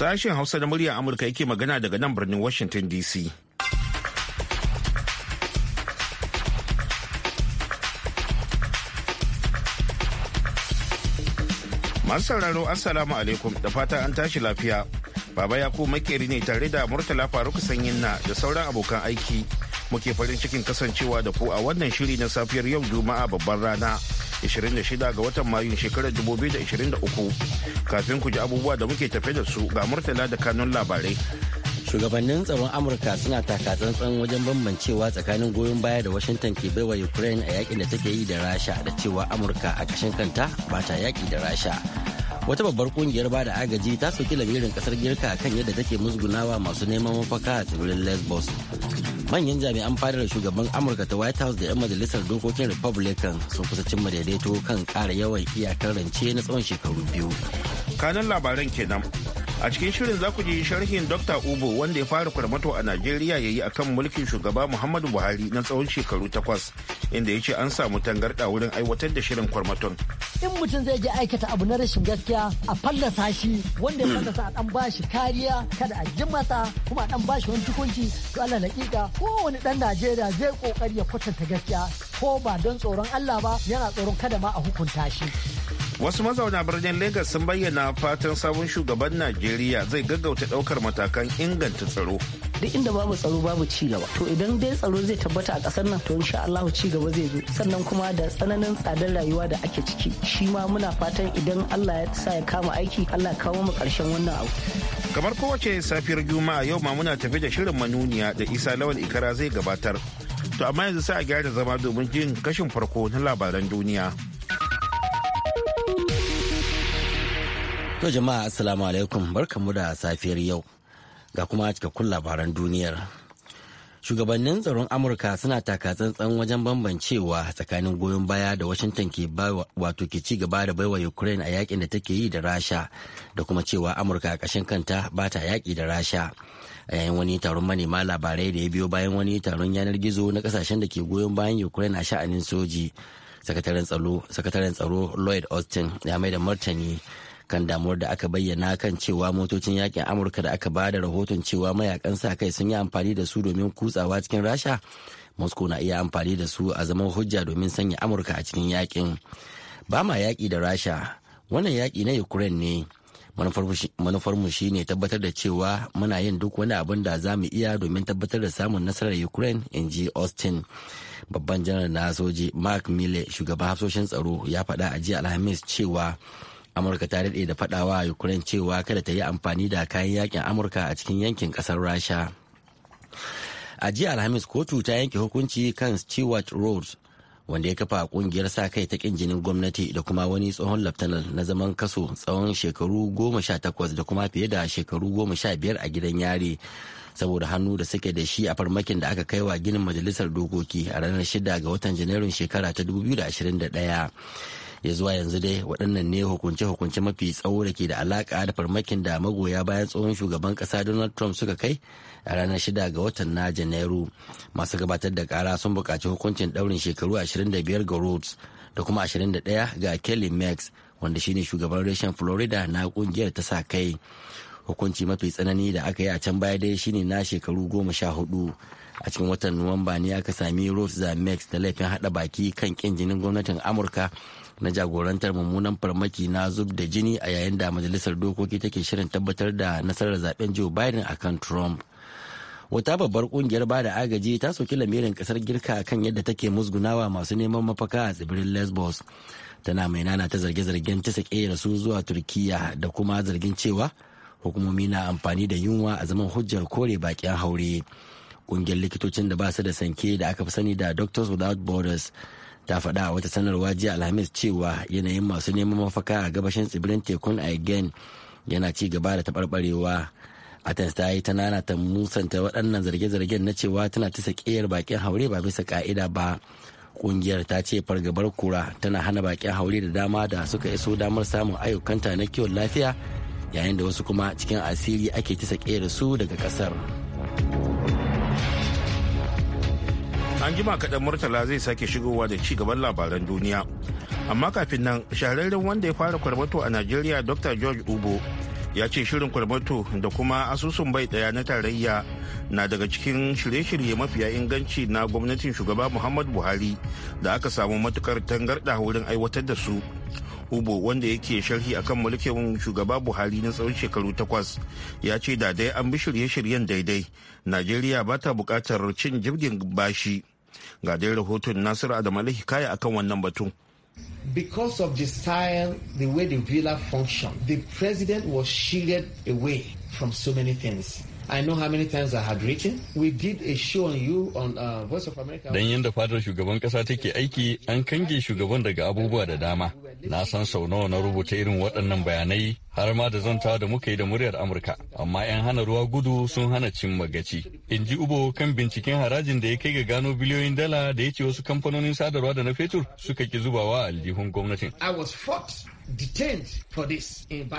Sashen Hausa da murya Amurka yake magana daga nan birnin Washington DC. Masu sauraro Assalamu alaikum da fata an tashi lafiya. Baba Yakubu makeri ne tare da Murtala Faruk Sanyin na da sauran abokan aiki. Muke farin cikin kasancewa da ku a wannan shiri na safiyar yau Juma'a babban rana. 26 ga watan mayu shekarar 2023 kafin ku ji abubuwa da muke tafe da su ga murtala da kanun labarai shugabannin tsaron amurka suna taka tsantsan wajen bambancewa tsakanin goyon baya da washington ke baiwa ukraine a yakin da take yi da rasha da cewa amurka a kashin kanta ba ta yaki da rasha wata babbar kungiyar ba da agaji ta soki lamirin kasar girka kan yadda take musgunawa masu neman mafaka a tsibirin lesbos manyan jami'an fadar shugaban amurka ta white house da 'yan majalisar dokokin republican sun kusa cimma daidaito kan kara yawan iyakar rance na tsawon shekaru biyu kanan labaran kenan a cikin shirin za ku ji sharhin dr ubo wanda ya fara kwarmato a najeriya ya yi akan mulkin shugaba muhammadu buhari na tsawon shekaru takwas inda ya ce an samu tangarɗa wurin aiwatar da shirin kwarmaton. In mutum zai je aikata abu na rashin gaskiya a fallasa shi wanda ya fallasa a dan bashi kariya kada a ji masa kuma a dan bashi wani tukunci to Allah ko kowane dan Najeriya zai kokari ya kwatanta gaskiya ko ba don tsoron Allah ba yana tsoron kada ma a hukunta shi. Wasu mazauna birnin lagos sun bayyana fatan sabon shugaban Najeriya zai gaggauta ɗaukar matakan inganta tsaro. duk inda babu tsaro babu ci gaba to idan dai tsaro zai tabbata a kasar nan to insha Allah ci gaba zai zo sannan kuma da tsananin tsadar rayuwa da ake ciki shi ma muna fatan idan Allah ya sa ya kama aiki Allah ya kawo mu karshen wannan abu kamar kowace safiyar juma'a yau ma muna tafi da shirin manuniya da isa lawal ikara zai gabatar to amma yanzu sai a gyara zama domin jin kashin farko na labaran duniya to jama'a assalamu alaikum barkamu da safiyar yau ga kuma cikakkun labaran duniyar shugabannin tsaron amurka suna taka tsantsan wajen bambancewa tsakanin goyon baya da washington ke wato ke ci gaba da baiwa ukraine a yakin da take yi da rasha da kuma cewa amurka a ƙashin kanta ba ta yaƙi da rasha a yayin wani taron manema labarai da ya biyo bayan wani taron yanar gizo na kasashen da ke goyon bayan ukraine a sha'anin soji sakataren tsaro lloyd austin ya mai da martani kan damuwar da aka bayyana kan cewa motocin yakin amurka da aka ba da rahoton cewa mayakan sa kai sun yi amfani da su domin kutsawa cikin rasha moscow na iya amfani da su a zaman hujja domin sanya amurka a cikin yakin ba ma yaƙi da rasha wannan yaki na ukraine ne manufarmu shi ne tabbatar da cewa muna yin duk wani abin da za mu iya domin tabbatar da samun nasarar ukraine in ji austin babban janar na soji mark mille shugaban hafsoshin tsaro ya faɗa a jiya alhamis cewa amurka ta daɗe da faɗawa ukraine cewa kada ta yi amfani da kayan yakin amurka a cikin yankin ƙasar rasha a jiya alhamis kotu ta yanke hukunci kan stewart rhodes wanda ya kafa kungiyar sa kai ta kin jinin gwamnati da kuma wani tsohon laftanar na zaman kaso tsawon shekaru goma sha takwas da kuma fiye da shekaru goma sha biyar a gidan yare saboda hannu da suke da shi a farmakin da aka kai wa ginin majalisar dokoki a ranar shida ga watan janairun shekara ta 2021 ya zuwa yanzu dai waɗannan ne hukunce-hukunce mafi tsawo da ke da alaƙa da farmakin da magoya bayan tsohon shugaban ƙasa donald trump suka kai a ranar shida ga watan na janairu masu gabatar da ƙara sun buƙaci hukuncin ɗaurin shekaru 25 ga rhodes da kuma 21 ga kelly max wanda shine shugaban reshen florida na ƙungiyar ta sa kai hukunci mafi tsanani da aka yi a can baya dai shine na shekaru goma sha hudu a cikin watan nuwamba ne aka sami rose max da laifin hada baki kan kin jinin gwamnatin amurka na jagorantar mummunan farmaki na zub da jini a yayin da majalisar dokoki take shirin tabbatar da nasarar zaben joe biden a kan trump wata babbar kungiyar ba da agaji ta soki lamirin kasar girka kan yadda take musgunawa masu neman mafaka a tsibirin lesbos tana mai nana ta zarge-zargen ta sake su zuwa turkiya da kuma zargin cewa hukumomi na amfani da yunwa a zaman hujjar kore bakin haure kungiyar likitocin da ba su da sanke da aka fi sani da doctors without borders ta faɗa a wata sanarwa jiya alhamis cewa yanayin masu neman mafaka a gabashin tsibirin tekun again yana ci gaba da taɓarɓarewa athens ta yi ta musanta waɗannan zarge-zargen na cewa tana ta sakiyar bakin haure ba bisa ka'ida ba kungiyar ta ce fargabar kura tana hana bakin haure da dama da suka iso damar samun ayyukanta na kiwon lafiya yayin da wasu kuma cikin asiri ake ta sakiyar su daga ƙasar. An jima kaɗan Murtala zai sake shigowa da ci gaban labaran duniya. Amma kafin nan, shahararren wanda ya fara kwarmato a Najeriya Dr. George Ubo ya ce shirin kwarmato da kuma asusun bai ɗaya na tarayya na daga cikin shirye-shirye mafiya inganci na gwamnatin shugaba muhammadu Buhari da aka samu matukar tangarɗa wurin aiwatar da su. Ubo wanda yake sharhi akan mulkin shugaba Buhari na tsawon shekaru takwas ya ce da dai an bi shirye-shiryen daidai. Najeriya ba ta bukatar cin jirgin bashi Ga dai rahoton Nasiru Adamali Hikaya akan wannan batun. Because of the style, the way the villa functioned, the president was shielded away from so many things. I know how many times I had written. We did a show on you on uh, Voice of America. Dan yadda fadar shugaban kasa take aiki, an kange shugaban daga abubuwa da dama. Na san sau nawa na rubuta irin waɗannan bayanai har ma da zanta da muka yi da muryar Amurka, amma 'yan hana ruwa gudu sun hana cin magaci. In ji Ubo kan binciken harajin da ya kai ga gano biliyoyin dala da ya ce wasu kamfanonin sadarwa da na fetur suka ki zubawa a aljihun gwamnatin.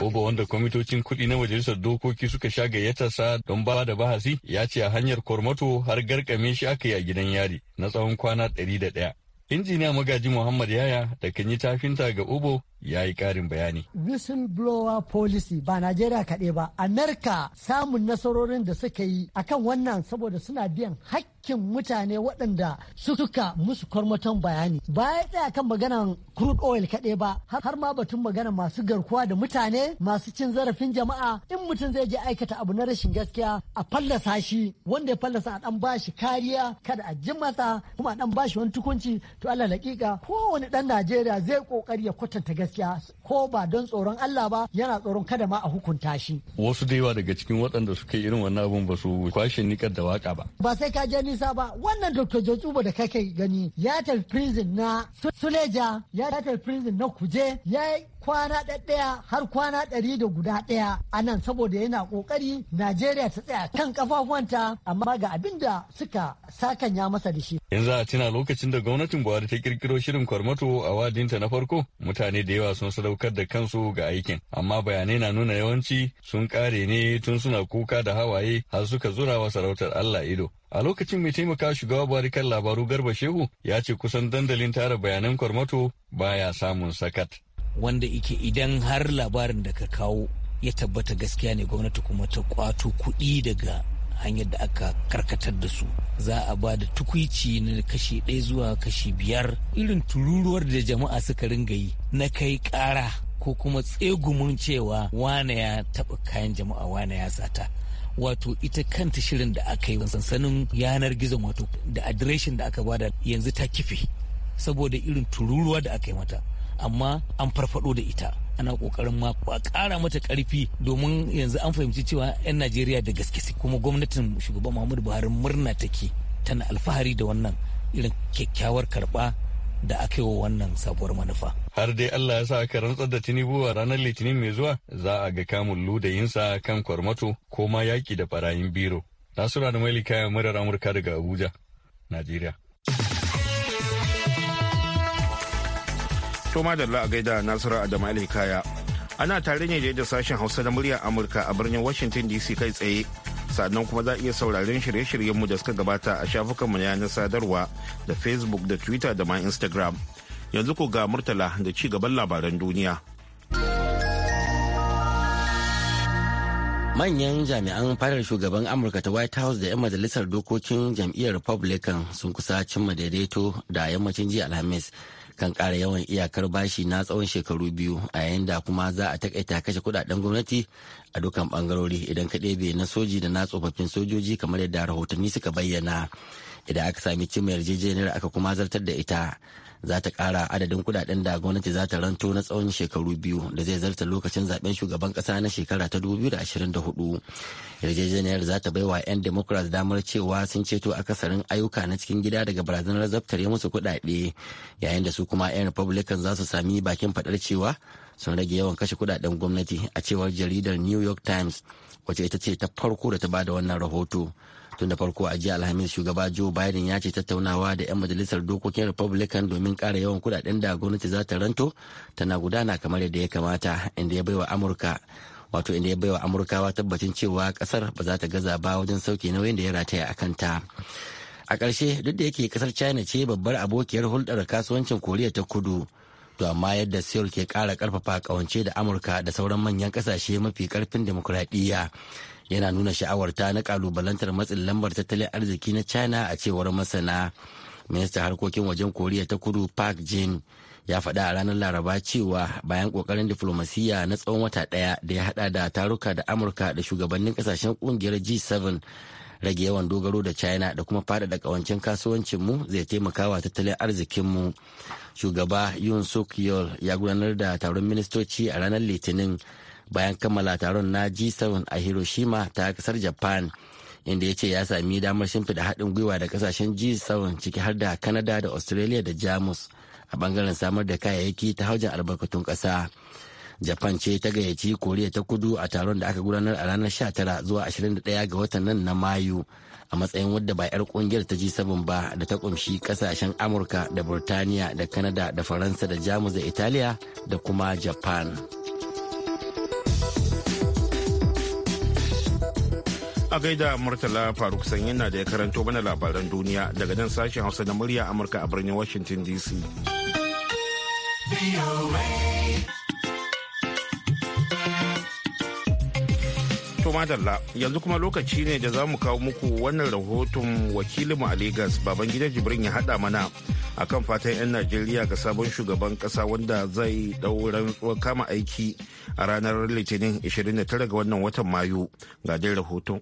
Oba wanda kwamitocin kuɗi na majalisar dokoki suka sha sa don ba da bahasi ya ce a hanyar kormato har garkame shi aka yi a gidan yari na tsawon kwana ɗari da ɗaya injiniya magaji muhammad yaya da kan yi tafinta ga ubo. ya yi ƙarin bayani. Whistleblower policy ba Najeriya kaɗai ba, Amerika samun nasarorin da suka yi akan wannan saboda suna biyan hakkin mutane waɗanda suka musu kwarmaton bayani. Ba ya tsaya kan maganan crude oil kaɗai ba, har ma batun maganan masu garkuwa da mutane masu cin zarafin jama'a in mutum zai je aikata abu na rashin gaskiya a fallasa shi wanda ya fallasa a ɗan bashi kariya kada a ji kuma a ɗan bashi wani tukunci to Allah laƙiƙa kowane ɗan Najeriya zai ƙoƙari ya kwatanta gaskiya. gaskiya ko ba don tsoron Allah ba yana tsoron kada ma a hukunta shi. Wasu da yawa daga cikin waɗanda suka yi irin wannan abun ba su kwashe nikar da waka ba. Ba sai ka je nisa ba wannan Dr. Jotsuba da kake gani ya tafi prison na Suleja ya tafi prison na Kuje ya kwana ɗaɗɗaya har kwana ɗari da guda ɗaya a nan saboda yana ƙoƙari Najeriya ta tsaya kan kafafuwanta amma ga abin da suka ya masa da shi. Yanzu a tuna lokacin da gwamnatin Buhari ta kirkiro shirin kwarmato a wadinta na farko mutane da yawa sun sadaukar da kansu ga aikin amma bayanai na nuna yawanci sun kare ne tun suna kuka da hawaye har suka zura sarautar Allah ido. A lokacin mai taimaka shugaba Buhari kan labaru Garba Shehu ya ce kusan dandalin tara bayanan kwarmato baya samun sakat. wanda ike idan har labarin da ka kawo ya tabbata gaskiya ne gwamnati kuma ta kwato kuɗi daga hanyar da aka karkatar da su za a ba da tukwici na kashi ɗaya zuwa kashi biyar irin tururuwar da jama'a suka ringa yi na kai ƙara ko kuma tsegumin cewa wane ya taɓa kayan jama'a wane ya sata wato ita kanta shirin da aka yi sansanin yanar gizo wato da adireshin da aka bada yanzu ta kife saboda irin tururuwa da aka yi mata amma an farfado da ita ana kokarin ma kara mata karfi domin yanzu an fahimci cewa 'yan najeriya da gaske kuma gwamnatin shugaban muhammadu buhari murna take tana alfahari da wannan irin kyakkyawar karba da aka yi wannan sabuwar manufa. Har dai Allah ya sa aka rantsar da Tinubu a ranar Litinin mai zuwa za a ga kamun ludayinsa kan kwarmato ko ma yaki da barayin biro. Nasura da mai ya murar Amurka daga Abuja, Najeriya. To madalla a gaida Nasiru Adamu Alhikaya. Ana tare ne da sashen Hausa na muryar Amurka a birnin Washington DC kai tsaye. Sannan kuma za a iya sauraron shirye-shiryenmu da suka gabata a shafukanmu na sadarwa da Facebook da Twitter da ma Instagram. Yanzu ko ga Murtala da ci gaban labaran duniya. manyan jami'an farar shugaban amurka ta white house da 'yan majalisar dokokin jam'iyyar republican sun kusa cimma daidaito da yammacin jiya alhamis kan ƙara yawan iyakar bashi na tsawon shekaru biyu a yayin da kuma za a takaita kashe kudaden gwamnati a dukkan bangarori idan ka ɗebe na soji da na tsofaffin sojoji kamar yadda rahotanni suka bayyana idan aka sami cimma yarjejeniyar aka kuma zartar da ita za ta kara adadin kudaden da gwamnati za ta ranto na tsawon shekaru biyu da zai zarta lokacin zaben shugaban kasa na shekara ta 2024 yarjejeniyar za ta bai wa 'yan democrats damar cewa sun ceto akasarin ayyuka na cikin gida daga barazanar zabtare musu kudade yayin da su kuma 'yan republican za su sami bakin fadar cewa sun rage yawan kashe kudaden gwamnati a cewar jaridar new york times wacce ita ce ta farko da ta bada wannan rahoto tun da farko a jiya alhamis shugaba joe biden ya ce tattaunawa da 'yan majalisar dokokin republican domin kara yawan kudaden da gwamnati za ta ranto tana gudana kamar yadda ya kamata inda ya baiwa amurka wato inda ya baiwa amurkawa tabbacin cewa kasar ba za ta gaza ba wajen sauke nauyin da ya rataya a kanta a ƙarshe duk da yake kasar china ce babbar abokiyar hulɗar kasuwancin koriya ta kudu to amma yadda seoul ke ƙara ƙarfafa ƙawance da amurka da sauran manyan ƙasashe mafi ƙarfin demokuraɗiyya yana nuna sha'awarta na kalubalantar matsin lambar tattalin arziki na china a cewar masana ministan harkokin wajen koriya ta kudu park jin ya faɗa a ranar laraba cewa bayan ƙoƙarin diflomasiyya na tsawon wata ɗaya da ya haɗa da taruka da amurka da shugabannin ƙasashen ƙungiyar g7 rage yawan dogaro da china da kuma faɗaɗa ƙawancin kasuwancinmu zai taimaka wa tattalin arzikinmu shugaba yun sokyol ya gudanar da taron ministoci a ranar litinin bayan kammala taron na G7 a Hiroshima ta kasar Japan inda ya ce ya sami damar shimfida haɗin gwiwa da kasashen G7 ciki har da Canada da Australia da Jamus a bangaren samar da kayayyaki ta hauja albarkatun ƙasa. Japan ce ta gayyaci Koriya ta kudu a taron da aka gudanar a ranar 19 zuwa 21 ga watan nan na Mayu a matsayin wadda ba 'yar kungiyar ta G7 ba da ta kumshi kasashen Amurka da Burtaniya da Kanada da Faransa da Jamus da Italiya da kuma Japan. a gaida murtala faruk sanyin na da ya karanto mana labaran duniya daga nan sashen hausa na murya amurka a birnin washington dc madalla yanzu kuma lokaci ne da za mu kawo muku wannan rahoton wakilinmu a lagos babangida jibrin ya haɗa mana a kan fatan 'yan najeriya ga sabon shugaban kasa wanda zai ɗauran kama aiki a ranar litinin 29 ga wannan watan mayu ga dai rahoton.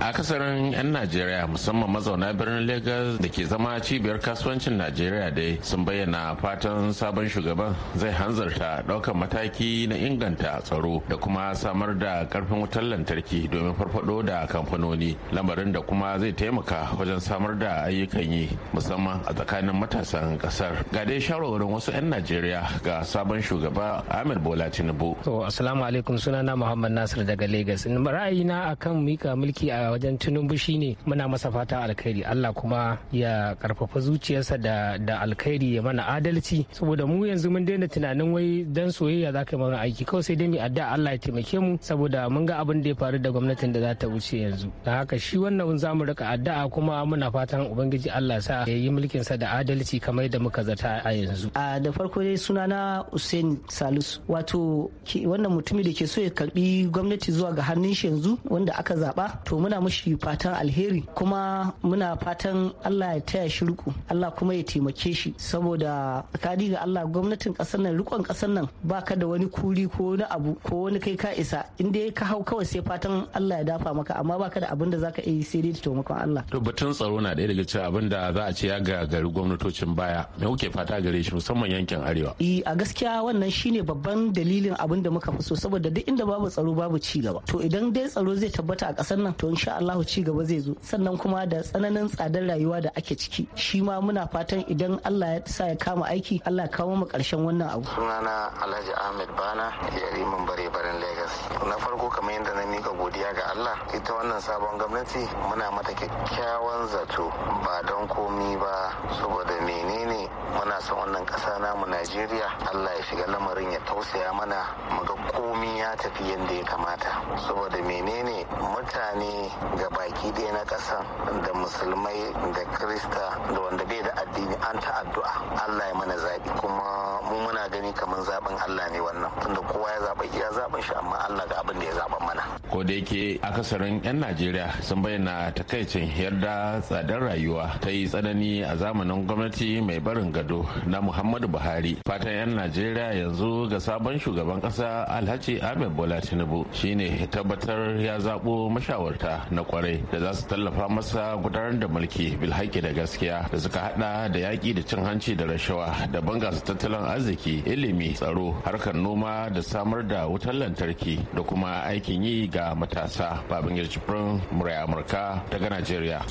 a akasarin 'yan najeriya musamman mazauna birnin lagos da ke zama cibiyar kasuwancin najeriya dai sun bayyana fatan sabon shugaban zai hanzarta daukan mataki na inganta tsaro da kuma samar da karfin wutar lantarki domin farfado da kamfanoni lamarin da kuma zai taimaka wajen samar da ayyukan yi musamman a tsakanin matasan kasar ga dai shawarwarin wasu 'yan najeriya ga sabon shugaba ahmed bola tinubu to assalamu alaikum sunana muhammad nasir daga lagos ra'ayina akan mika mulki a wajen tinubu shine muna masa fatan alkhairi allah kuma ya karfafa zuciyarsa da da alkhairi ya mana adalci saboda mu yanzu mun daina tunanin wai dan soyayya za ka mana aiki kawai sai dai mu addu'a allah ya taimake mu saboda mun ga abin da ya faru da gwamnatin da za ta wuce yanzu da haka shi wannan za mu rika addu'a kuma muna fatan ubangiji allah sa ya yi mulkin sa da adalci kamar da muka zata a yanzu a da farko dai sunana usain salisu wato wannan mutumin da ke so ya karbi gwamnati zuwa ga hannun shi yanzu wanda aka zaba to muna mushi fatan alheri kuma muna fatan Allah ya taya shi riko Allah kuma ya taimake shi saboda kadi ga Allah gwamnatin kasar nan rikon kasar nan baka da wani kuri ko wani abu ko wani kai ka isa in dai ka hau kawai sai fatan Allah ya dafa maka amma baka da abin da zaka yi sai dai taimakon Allah to batun tsaro na daya daga cikin abin za a ce ya gari gwamnatocin baya me kuke fata gare shi musamman yankin arewa eh a gaskiya wannan shine babban dalilin abin da muka fi so saboda duk inda babu tsaro babu ci gaba to idan dai tsaro zai tabbata a kasar nan to insha Allah ci gaba zai zo sannan kuma da tsananin tsadar rayuwa da ake ciki shi ma muna fatan idan Allah ya sa ya kama aiki Allah ya kawo mu karshen wannan abu sunana Alhaji Ahmed Bana yariman bare baren Lagos na farko kamar yadda na mika godiya ga Allah ita wannan sabon gwamnati muna mata kyakkyawan zato ba don komi ba saboda menene muna son wannan kasa namu Najeriya Allah ya shiga lamarin ya tausaya mana mu ga komi ya tafi yadda ya kamata saboda menene mutane ga baki ɗaya na ƙasan da musulmai da krista da wanda bai da addini an ta addu'a allah ya mana zaɓi kuma mu muna gani kamar zaɓin allah ne wannan tunda kowa ya zaɓa ya zaɓin shi amma allah ga abin da ya zaɓa mana ko da yake akasarin 'yan najeriya sun bayyana takaicin yarda tsadar rayuwa ta yi tsanani a zamanin gwamnati mai barin gado na muhammadu buhari fatan 'yan najeriya yanzu ga sabon shugaban ƙasa alhaji ahmed bola tinubu shine tabbatar ya zaɓo mashawarta na kwarai da za su tallafa masa gudanar da mulki bilhaki da gaskiya da suka hada da yaki da cin hanci da rashawa da bangasa tattalin arziki ilimi tsaro harkar noma da samar da wutar lantarki da kuma aikin yi ga matasa babangida jibrin murai amurka daga nigeria.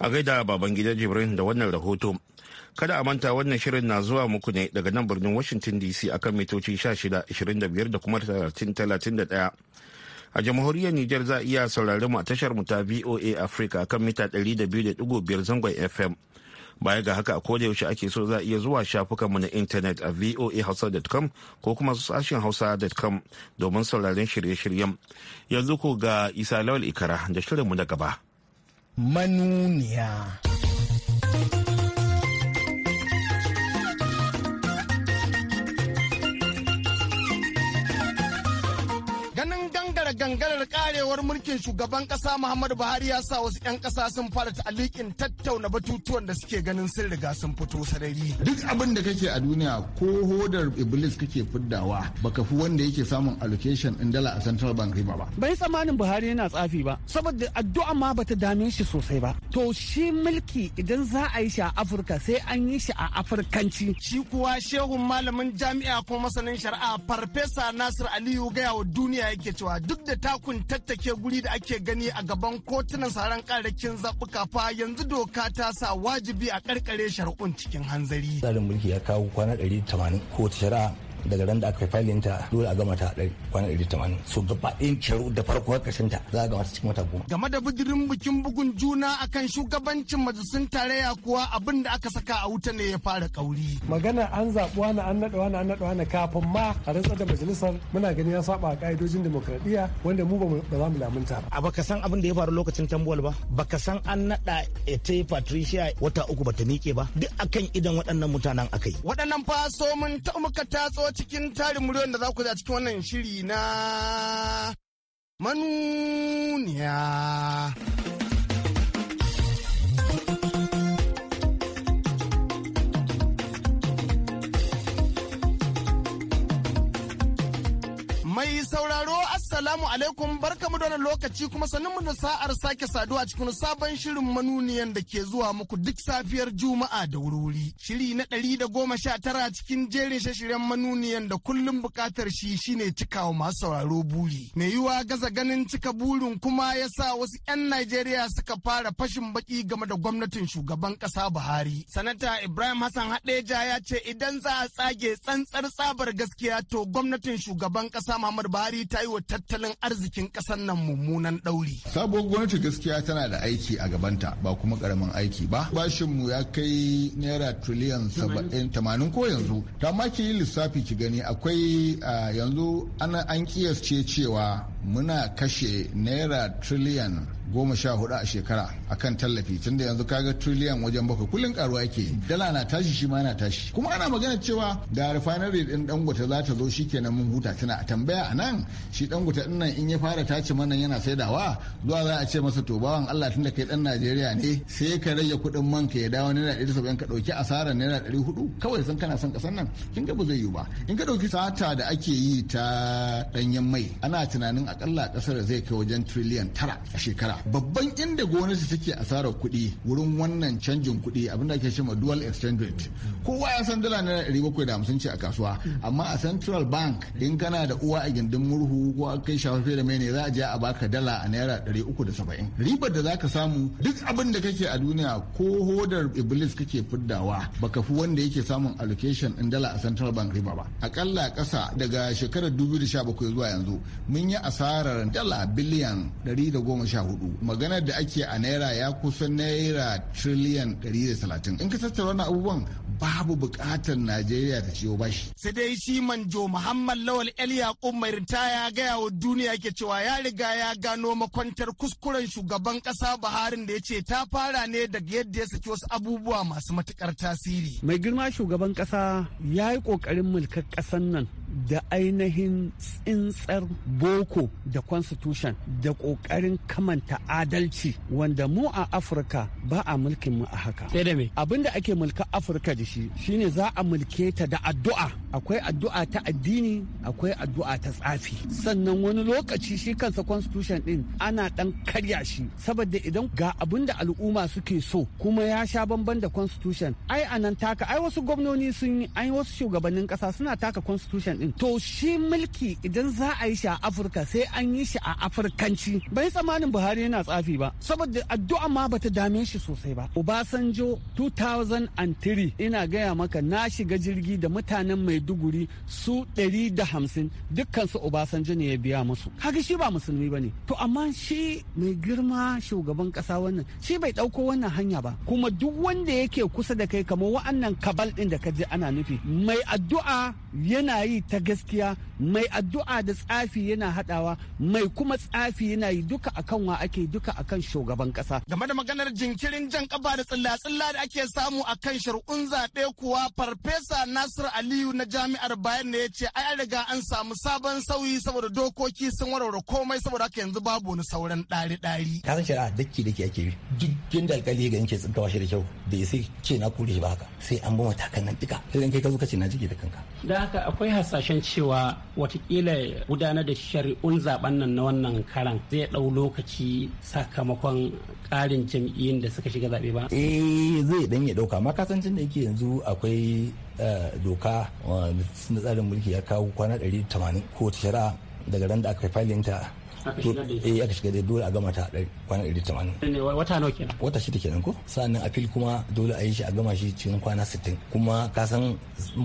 a gaida gidan jibrin da wannan rahoto kada a manta wannan shirin na zuwa muku ne daga nan birnin washington dc akan mitoci 16 25 da kuma 31 a jamhuriyar Nijar za a iya saurari mu a tashar mu ta VOA Africa kan mita 200.5 zangon FM. Baya ga haka a da yaushe ake so za a iya zuwa shafukan mu na intanet a voahausa.com ko kuma sashen hausa.com domin sauraron shirye-shiryen. Yanzu ko ga Isa Lawal Ikara da shirinmu na gaba. Manuniya. gangarar karewar mulkin shugaban kasa Muhammadu Buhari ya sa wasu 'yan kasa sun fara ta'alikin tattauna batutuwan da suke ganin sun riga sun fito sarari. Duk abin da kake a duniya ko hodar Iblis kake fuddawa baka fi wanda yake samun allocation in dala a Central Bank riba ba. Bai tsamanin Buhari yana tsafi ba saboda addu'a ma bata dame shi sosai ba. To shi mulki idan za a yi shi a Afirka sai an yi shi a Afirkanci. Shi kuwa shehun malamin jami'a ko masanin shari'a Farfesa Nasir Aliyu gaya wa duniya yake cewa duk da takun tattake guri da ake gani a gaban kotunan tsaron karakin zaɓuka fa yanzu doka ta sa wajibi a karkare shari'un cikin hanzari. Tsarin mulki ya kawo kwana 180 kowace shari'a daga ran da aka kai filin ta dole a gama ta kwana 180 so gaba ɗin kiro da farko har ƙarshen ta za a gama ta cikin wata goma. game da bidirin bikin bugun juna akan shugabancin majalisun tarayya kuwa abin da aka saka a wuta ne ya fara kauri. magana an zaɓi wani an naɗa wani an naɗa wani kafin ma a rantsar da majalisar muna ganin ya saba ƙa'idojin demokradiyya wanda mu ba za mu lamunta ba. a baka san abin da ya faru lokacin tambuwal ba baka san an naɗa ete patricia wata uku bata miƙe ba duk akan idan waɗannan mutanen akai. waɗannan fa so mun ta muka cikin tarin muryoyin da za ku za cikin wannan shiri na manuniya. Mai sauraro Assalamu alaikum barkamu da wannan lokaci kuma mu da sa'ar sake saduwa cikin sabon shirin manuniyan da ke zuwa muku duk safiyar Juma'a da wuri. Shiri na ɗari da goma sha tara cikin jerin shashiren manuniyan da kullum buƙatar shi shine cikawa masu sauraro buri. Mai yiwa gaza ganin cika burin kuma ya sa wasu 'yan Najeriya suka fara fashin baki game da gwamnatin shugaban ƙasa Buhari. Sanata Ibrahim Hassan Haɗeja ya ce idan za a tsage tsantsar tsabar gaskiya to gwamnatin shugaban ƙasa Muhammadu Buhari ta yi wa tattalin arzikin ƙasar nan mummunan ɗauri. Sabuwar gwamnati gaskiya tana da aiki a gabanta ba kuma ƙaramin aiki ba. bashin mu ya kai naira triliyan saba'in tamanin ko yanzu. Ta ma yi lissafi ki gani akwai yanzu an kiyasce cewa muna kashe naira triliyan goma sha hudu a shekara a kan tallafi tun da yanzu kaga triliyan wajen bakwai kullum karuwa yake dala na tashi shi ma na tashi kuma ana magana cewa da refinery din dangote za ta zo shikenan mun huta tana tambaya a nan shi dangote din nan in ya fara tace mana yana saidawa zuwa za a ce masa to bawan Allah tunda kai dan Najeriya ne sai ka rage kuɗin man ka ya dawo naira 170 ka dauki asarar naira 400 kawai san kana son kasar nan kin ga ba zai yiwu ba in ka dauki sata da ake yi ta danyen mai ana tunanin akalla kasar zai kai wajen triliyan tara a shekara babban inda gwamnati take asarar kuɗi wurin wannan canjin kuɗi abinda ake cewa dual exchange rate kowa ya san dala na ɗari bakwai da hamsin ce a kasuwa amma a central bank in kana da uwa a gindin murhu ko kai shafafe da mai ne za a je a baka dala a naira ɗari uku da saba'in ribar da zaka samu duk abin da kake a duniya ko hodar iblis kake fiddawa baka fi wanda yake samun allocation in dala a central bank riba ba akalla ƙasa daga shekarar 2017 zuwa yanzu mun yi asarar dala biliyan 114 hudu maganar da ake a naira ya kusan naira triliyan 130 in ka tattara wannan abubuwan babu bukatar najeriya ta ciwo bashi sai dai shi manjo muhammad lawal el yaqub mai ritaya gaya wa duniya ke cewa ya riga ya gano makwantar kuskuren shugaban kasa buharin da ya ce ta fara ne daga yadda ya saki wasu abubuwa masu matukar tasiri mai girma shugaban kasa ya yi kokarin mulkar kasan nan da ainihin tsintsar boko da constitution da kokarin kamanta adalci wanda mu a afirka ba a mulkin mu a haka abin da ake mulka afirka da shi shine za a mulke ta da addu'a akwai addu'a ta addini akwai addu'a ta tsafi sannan wani lokaci shi kansa constitution din ana dan karya shi saboda idan ga abin da al'umma suke so kuma ya sha bamban da constitution ai anan taka ai wasu gwamnoni sun yi ai wasu shugabannin kasa suna taka constitution din to shi mulki idan za a yi shi a afirka sai an yi shi a afirkanci bai tsamanin buhari yana tsafi ba saboda addu'a ma bata dame shi sosai ba obasanjo 2003 ina gaya maka na shiga jirgi da mutanen maiduguri su 150 dukkansu obasanjo ne ya biya musu kaga shi ba musulmi ba ne to amma shi mai girma shugaban kasa wannan shi bai dauko wannan hanya ba kuma duk wanda yake kusa da kai kamar wa'annan kabal din da ka je ana nufi mai addu'a yana yi ta ta gaskiya mai addu'a da tsafi yana hadawa mai kuma tsafi yana yi duka akan wa ake duka akan shugaban kasa game da maganar jinkirin jan kaba da tsilla-tsilla da ake samu akan shari'un zaɓe kuwa farfesa nasir aliyu na jami'ar bayan ne ya ce ai riga an samu sabon sauyi saboda dokoki sun warware komai saboda haka yanzu babu wani sauran ɗari-ɗari. san shari'a dakki dake ake bi duk yadda alkali ga yanke tsintawa shi da kyau da ya sai ce na kure ba haka sai an bi matakan nan duka sai kai ka zo ka ce na jike da kanka. da haka akwai hasa hasashen cewa watakila gudanar da shari'un zaben nan na wannan karan zai ɗau lokaci sakamakon ƙarin jam'iyyun da suka shiga zaɓe ba? Eh zai dan ya ɗauka makasancin da yake yanzu akwai eh, doka na tsarin mulki ya kawo kwana 180 kowace shari'a daga ran da aka filin ta eh aka shiga da dole a gama ta kwana 180 wata nawa kenan wata shida kenan ko sa'annan apil kuma dole a yi shi a gama shi cikin kwana 60 kuma ka san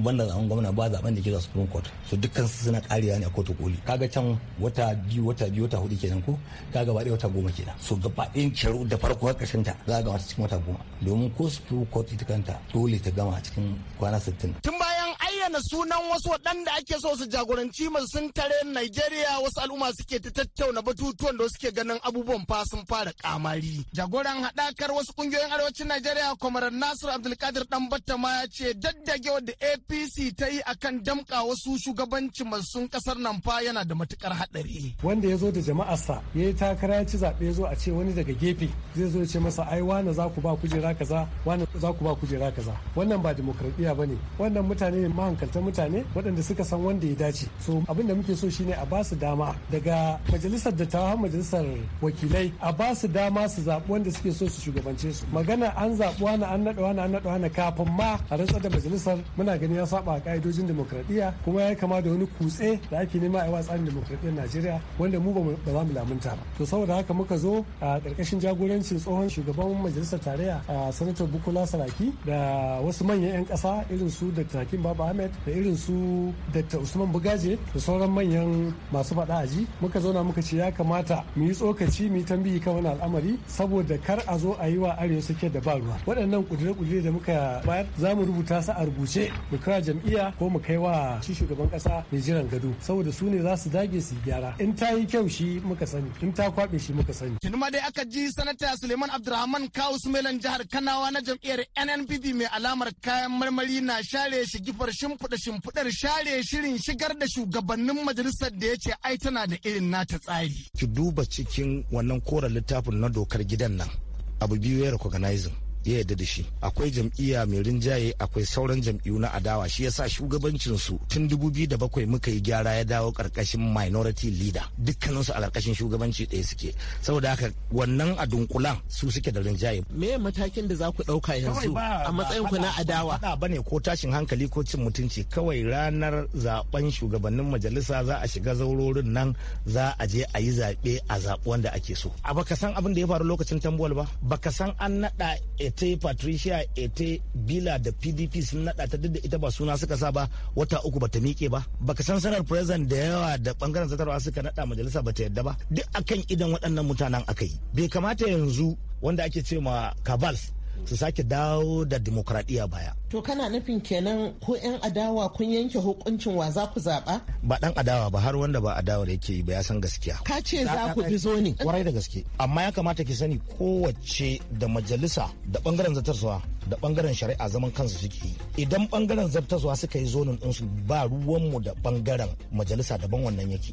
banda zaman gwamna ba zaben da ke zuwa supreme court so dukkan su suna karewa ne a kotu koli kaga can wata biyu wata biyu wata hudu kenan ko ka ba ɗaya wata goma kenan so gaba ɗayan ciro da farko har ƙarshen ta za a gama ta cikin wata goma domin ko supreme court ita kanta dole ta gama cikin kwana 60 tun bayan bayyana sunan wasu waɗanda ake so su jagoranci masu sun tare Najeriya wasu al'umma suke ta tattauna batutuwan da suke ganin abubuwan fa sun fara kamari. Jagoran haɗakar wasu ƙungiyoyin arewacin Najeriya kwamarar Nasir Abdulkadir dan Battama ya ce daddage da APC ta yi akan damƙa wasu shugabancin masu ƙasar nan fa yana da matuƙar haɗari. Wanda ya zo da jama'arsa ya yi takara ya ci zaɓe zo a ce wani daga gefe zai zo ya ce masa ai wane za ku ba kujera kaza wane za ku ba kujera kaza wannan ba dimokuraɗiyya ba ne wannan mutane ne hankalta mutane waɗanda suka san wanda ya dace so abin da muke so shine a basu dama daga majalisar dattawa majalisar wakilai a basu dama su zaɓi wanda suke so su shugabance su magana an zaɓi na an naɗa wani an naɗa wani kafin ma a rantsar da majalisar muna ganin ya saba ka'idojin demokradiyya kuma ya kama da wani kutse da ake nema a yi yawa tsarin demokradiyyar najeriya wanda mu ba za mu lamunta ba to saboda haka muka zo a ƙarƙashin jagorancin tsohon shugaban majalisar tarayya a sanatar bukola saraki da wasu manyan 'yan ƙasa irin su da takin baba ahmed da irin su dr usman bugaje da sauran manyan masu faɗa aji muka zauna muka ce ya kamata mu yi tsokaci mu yi tambayi kan wani al'amari saboda kar a zo a yi wa arewa sake da ba ruwa waɗannan kudure-kudure da muka bayar za mu rubuta su a rubuce mu kira jam'iyya ko mu kai wa shi shugaban ƙasa mai jiran gado saboda su ne za su dage su gyara in ta yi kyau shi muka sani in ta kwaɓe shi muka sani. tuni ma dai aka ji sanata suleiman abdulrahman kawu sumelan jihar kanawa na jam'iyyar nnpp mai alamar kayan marmari na share shi gifar shim shimfiɗa shimfiɗar share shirin shigar da shugabannin majalisar da ya ce ai tana da irin nata tsari. Ki duba cikin wannan koren littafin na dokar gidan nan abu biyu ya recognizing ya yadda da shi akwai jam'iyya mai rinjaye akwai sauran jam'iyyu na adawa shi yasa shugabancin su tun da bakwai muka yi gyara ya dawo karkashin minority leader dukkaninsu a karkashin shugabanci ɗaya suke saboda haka wannan a dunkulan su suke da rinjaye me matakin da za ku ɗauka yanzu a matsayin ku na adawa ba bane ko tashin hankali ko cin mutunci kawai ranar zaben shugabannin majalisa za a shiga zaurorin nan za a je a yi zaɓe a zaɓi wanda ake so a baka san abin da ya faru lokacin tambuwal ba baka san an naɗa ita patricia ita bila da pdp sun nada ta duk da ita ba suna suka sa ba wata uku bata miƙe ba baka san sanar president da yawa da bangaren zatarwa suka nada majalisa ba bata yadda ba duk akan idan waɗannan mutanen aka yi bai kamata yanzu wanda ake ce ma kabals su sake dawo da demokradiyya baya. To kana nufin kenan ko 'yan adawa kun yanke hukuncin wa za ku zaɓa? Ba ɗan adawa ba har wanda ba da yake yi ba ya san gaskiya. Ka ce za ku bi zo ne. Warai da gaske. Amma ya kamata ki sani kowace da majalisa da ɓangaren zartaswa da ɓangaren shari'a zaman kansu suke yi. Idan ɓangaren zartaswa suka yi zonin ɗinsu ba ruwanmu da ɓangaren majalisa daban wannan yake.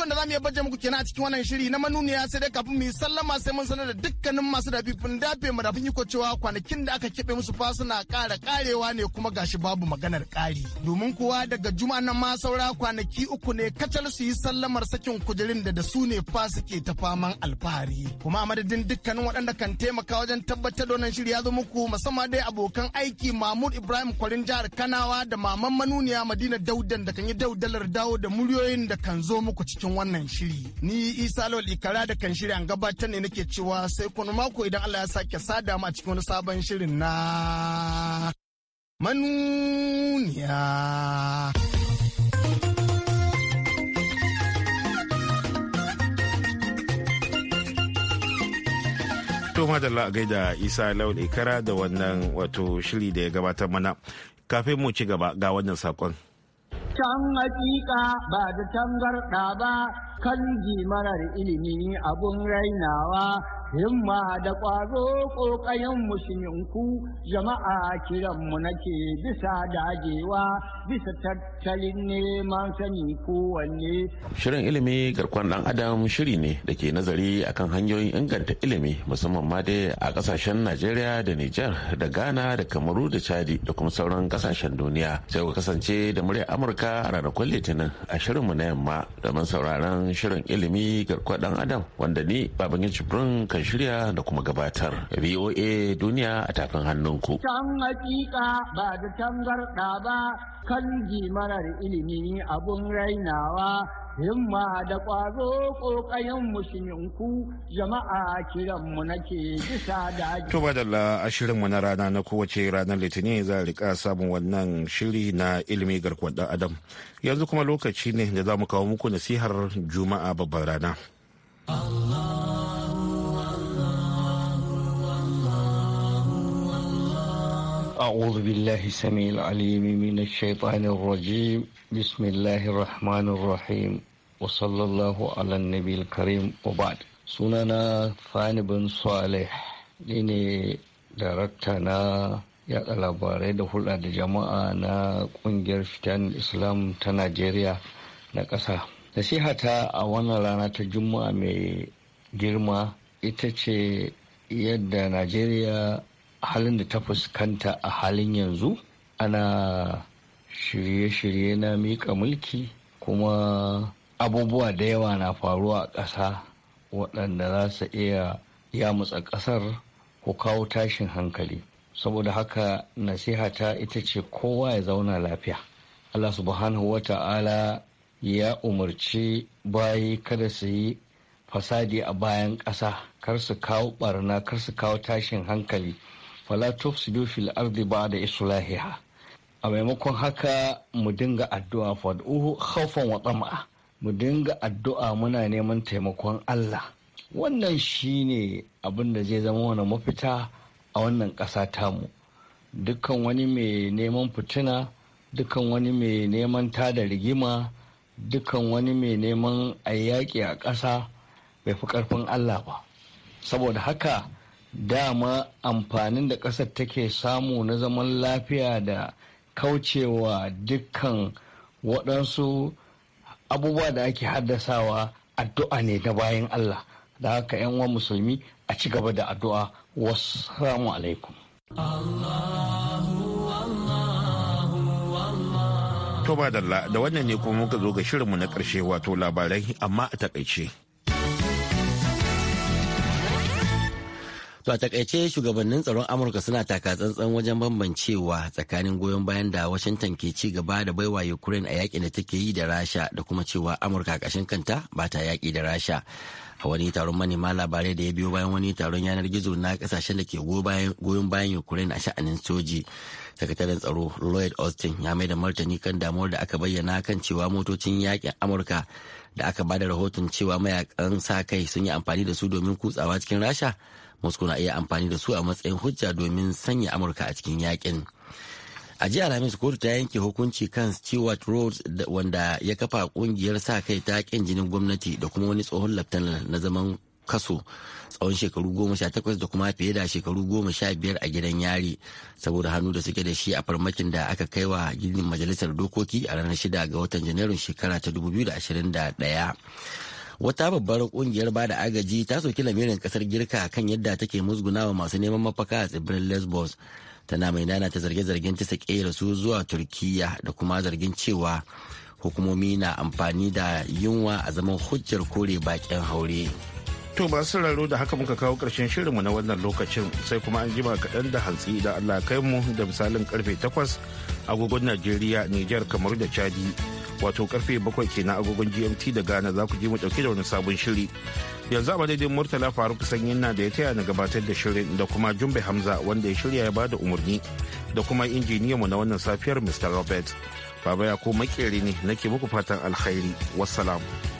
batutuwan da za mu baje muku kenan a cikin wannan shiri na manuniya sai dai kafin mu yi sallama sai mun sanar da dukkanin masu dafifin dafe mu da iko cewa kwanakin da aka kebe musu fa suna ƙara ƙarewa ne kuma gashi babu maganar ƙari. Domin kuwa daga juma nan ma saura kwanaki uku ne kacal su yi sallamar sakin kujerin da da su ne fa suke ta faman alfahari. Kuma a madadin dukkanin waɗanda kan taimaka wajen tabbatar da wannan shiri ya zo muku musamman dai abokan aiki Mahmud Ibrahim Kwarin jihar Kanawa da Maman Manuniya Madina Daudan da kan yi daudalar dawo da muryoyin da kan zo muku cikin cikin wannan shiri. Ni Isa Lawal Ikara da kan shirya gabatar ne nake cewa sai kuma mako idan Allah ya sake sada mu a cikin wani sabon shirin na manuniya. To madalla a gaida Isa Lawal Ikara da wannan wato shiri da ya gabatar mana. Kafin mu ci gaba ga wannan saƙon. Can hakika ba da tangarɗa ba kanji marar ilimi abun rainawa himma da ƙwazo ƙoƙayen musulunku jama'a kiranmu nake bisa dagewa bisa tattalin neman sani kowanne. Shirin ilimi garkon ɗan adam shiri ne da ke nazari akan hanyoyin inganta ilimi musamman ma dai a ƙasashen Najeriya da Nijar da Ghana da Kamaru da Chadi da kuma sauran ƙasashen duniya. Sai ku kasance da muryar Amurka a ranakun Litinin a shirin mu na yamma domin sauraron cikin shirin ilimi garkuwa dan adam wanda ni baban jibrin kan shirya da kuma gabatar voa duniya a tafin hannunku can hakika ba da tangarda ba kanji marar ilimi abun rainawa himma da ƙwazo ƙoƙayen musulunku jama'a kiranmu nake bisa da To badalla a shirinmu na rana na kowace ranar litinin za a rika samun wannan shiri na ilimi garkuwar ɗan adam. Yanzu kuma lokaci ne da za mu kawo muku nasihar juma'a babbar rana. Allah أعوذ بالله السميع العليم من الشيطان الرجيم بسم الله الرحمن الرحيم وصلى الله على النبي الكريم وبعد sunana Fani bin Saleh ni ne darakta na yaɗa labarai da hulɗa da jama'a na ƙungiyar fitan Islam ta Najeriya na ƙasa. Nasihata a wannan rana ta Juma'a mai girma ita ce yadda Najeriya halin da ta fuskanta a halin yanzu ana shirye-shirye na mika mulki kuma abubuwa da yawa na faruwa a ƙasa waɗanda za su iya yamutsa ƙasar ko kawo tashin hankali saboda haka nasihata ita ce kowa ya zauna lafiya allah subhanahu wa ta'ala ya umarci bayi kada su yi fasadi a bayan ƙasa kar su kawo ɓarna kar su kawo tashin hankali wala tufsidu fil ardi da islahiha a maimakon haka mu dinga addu'a fad'u haufan wa tsama'a mu dinga addu'a muna neman taimakon Allah wannan shine abin da zai zama wani mafita a wannan ƙasa tamu dukkan wani mai neman fitina dukkan wani mai neman tada rigima dukkan wani mai neman a yaƙi a ƙasa bai fi ƙarfin Allah ba saboda haka dama amfanin da ƙasar take samu na zaman lafiya da kaucewa dukkan waɗansu abubuwa da ake haddasawa addu'a ne na bayan Allah da haka 'yan wa musulmi a ci gaba da addu'a wassalamu alaikum Toba da wannan ne kuma muka zo ga shirinmu na ƙarshe wato labarai amma a takaice. To a takaice shugabannin tsaron Amurka suna taka tsantsan wajen bambancewa tsakanin goyon bayan da Washington ke ci gaba da baiwa Ukraine a yakin da take yi da Rasha da kuma cewa Amurka kashin kanta ba ta yaki da Rasha. A wani taron manema labarai da ya biyo bayan wani taron yanar gizo na kasashen da ke goyon bayan Ukraine a sha'anin soji. Sakataren tsaro Lloyd Austin ya mai da martani kan damuwar da aka bayyana kan cewa motocin yakin Amurka da aka ba da rahoton cewa mayakan sa kai sun yi amfani da su domin kutsawa cikin Rasha moscow na iya amfani da su a matsayin hujja domin sanya amurka a cikin yakin a jiya alhamis kotu ta yanke hukunci kan stewart rhodes wanda ya kafa kungiyar sa kai ta kin jinin gwamnati da kuma wani tsohon laftanar na zaman kaso tsawon shekaru goma sha takwas da kuma fiye da shekaru goma sha biyar a gidan yari saboda hannu da suke da shi a farmakin da aka kai wa ginin majalisar dokoki a ranar shida ga watan janairun shekara ta 2021 wata babbar kungiyar bada agaji ta soki lamirin kasar girka kan yadda take musgunawa masu neman mafaka a tsibirin lesbos tana mai nana ta zarge-zargen ta sake su zuwa turkiya da kuma zargin cewa hukumomi na amfani da yunwa a zaman hujjar kore bakin haure to ba sauraro da haka muka kawo karshen shirinmu na wannan lokacin sai kuma an jima kaɗan da hantsi da allah kai mu da misalin karfe 8 agogon najeriya nijar kamar da chadi wato karfe bakwai kenan agogon gmt da ghana za ku je mu dauke da wani sabon shiri yanzu a madadin murtala faruk sanyin na da ya taya na gabatar da shirin da kuma jumbe hamza wanda ya shirya ya bada umarni da kuma injiniyanmu na wannan safiyar mr robert baba ya ko makere ne nake muku fatan alkhairi wassalamu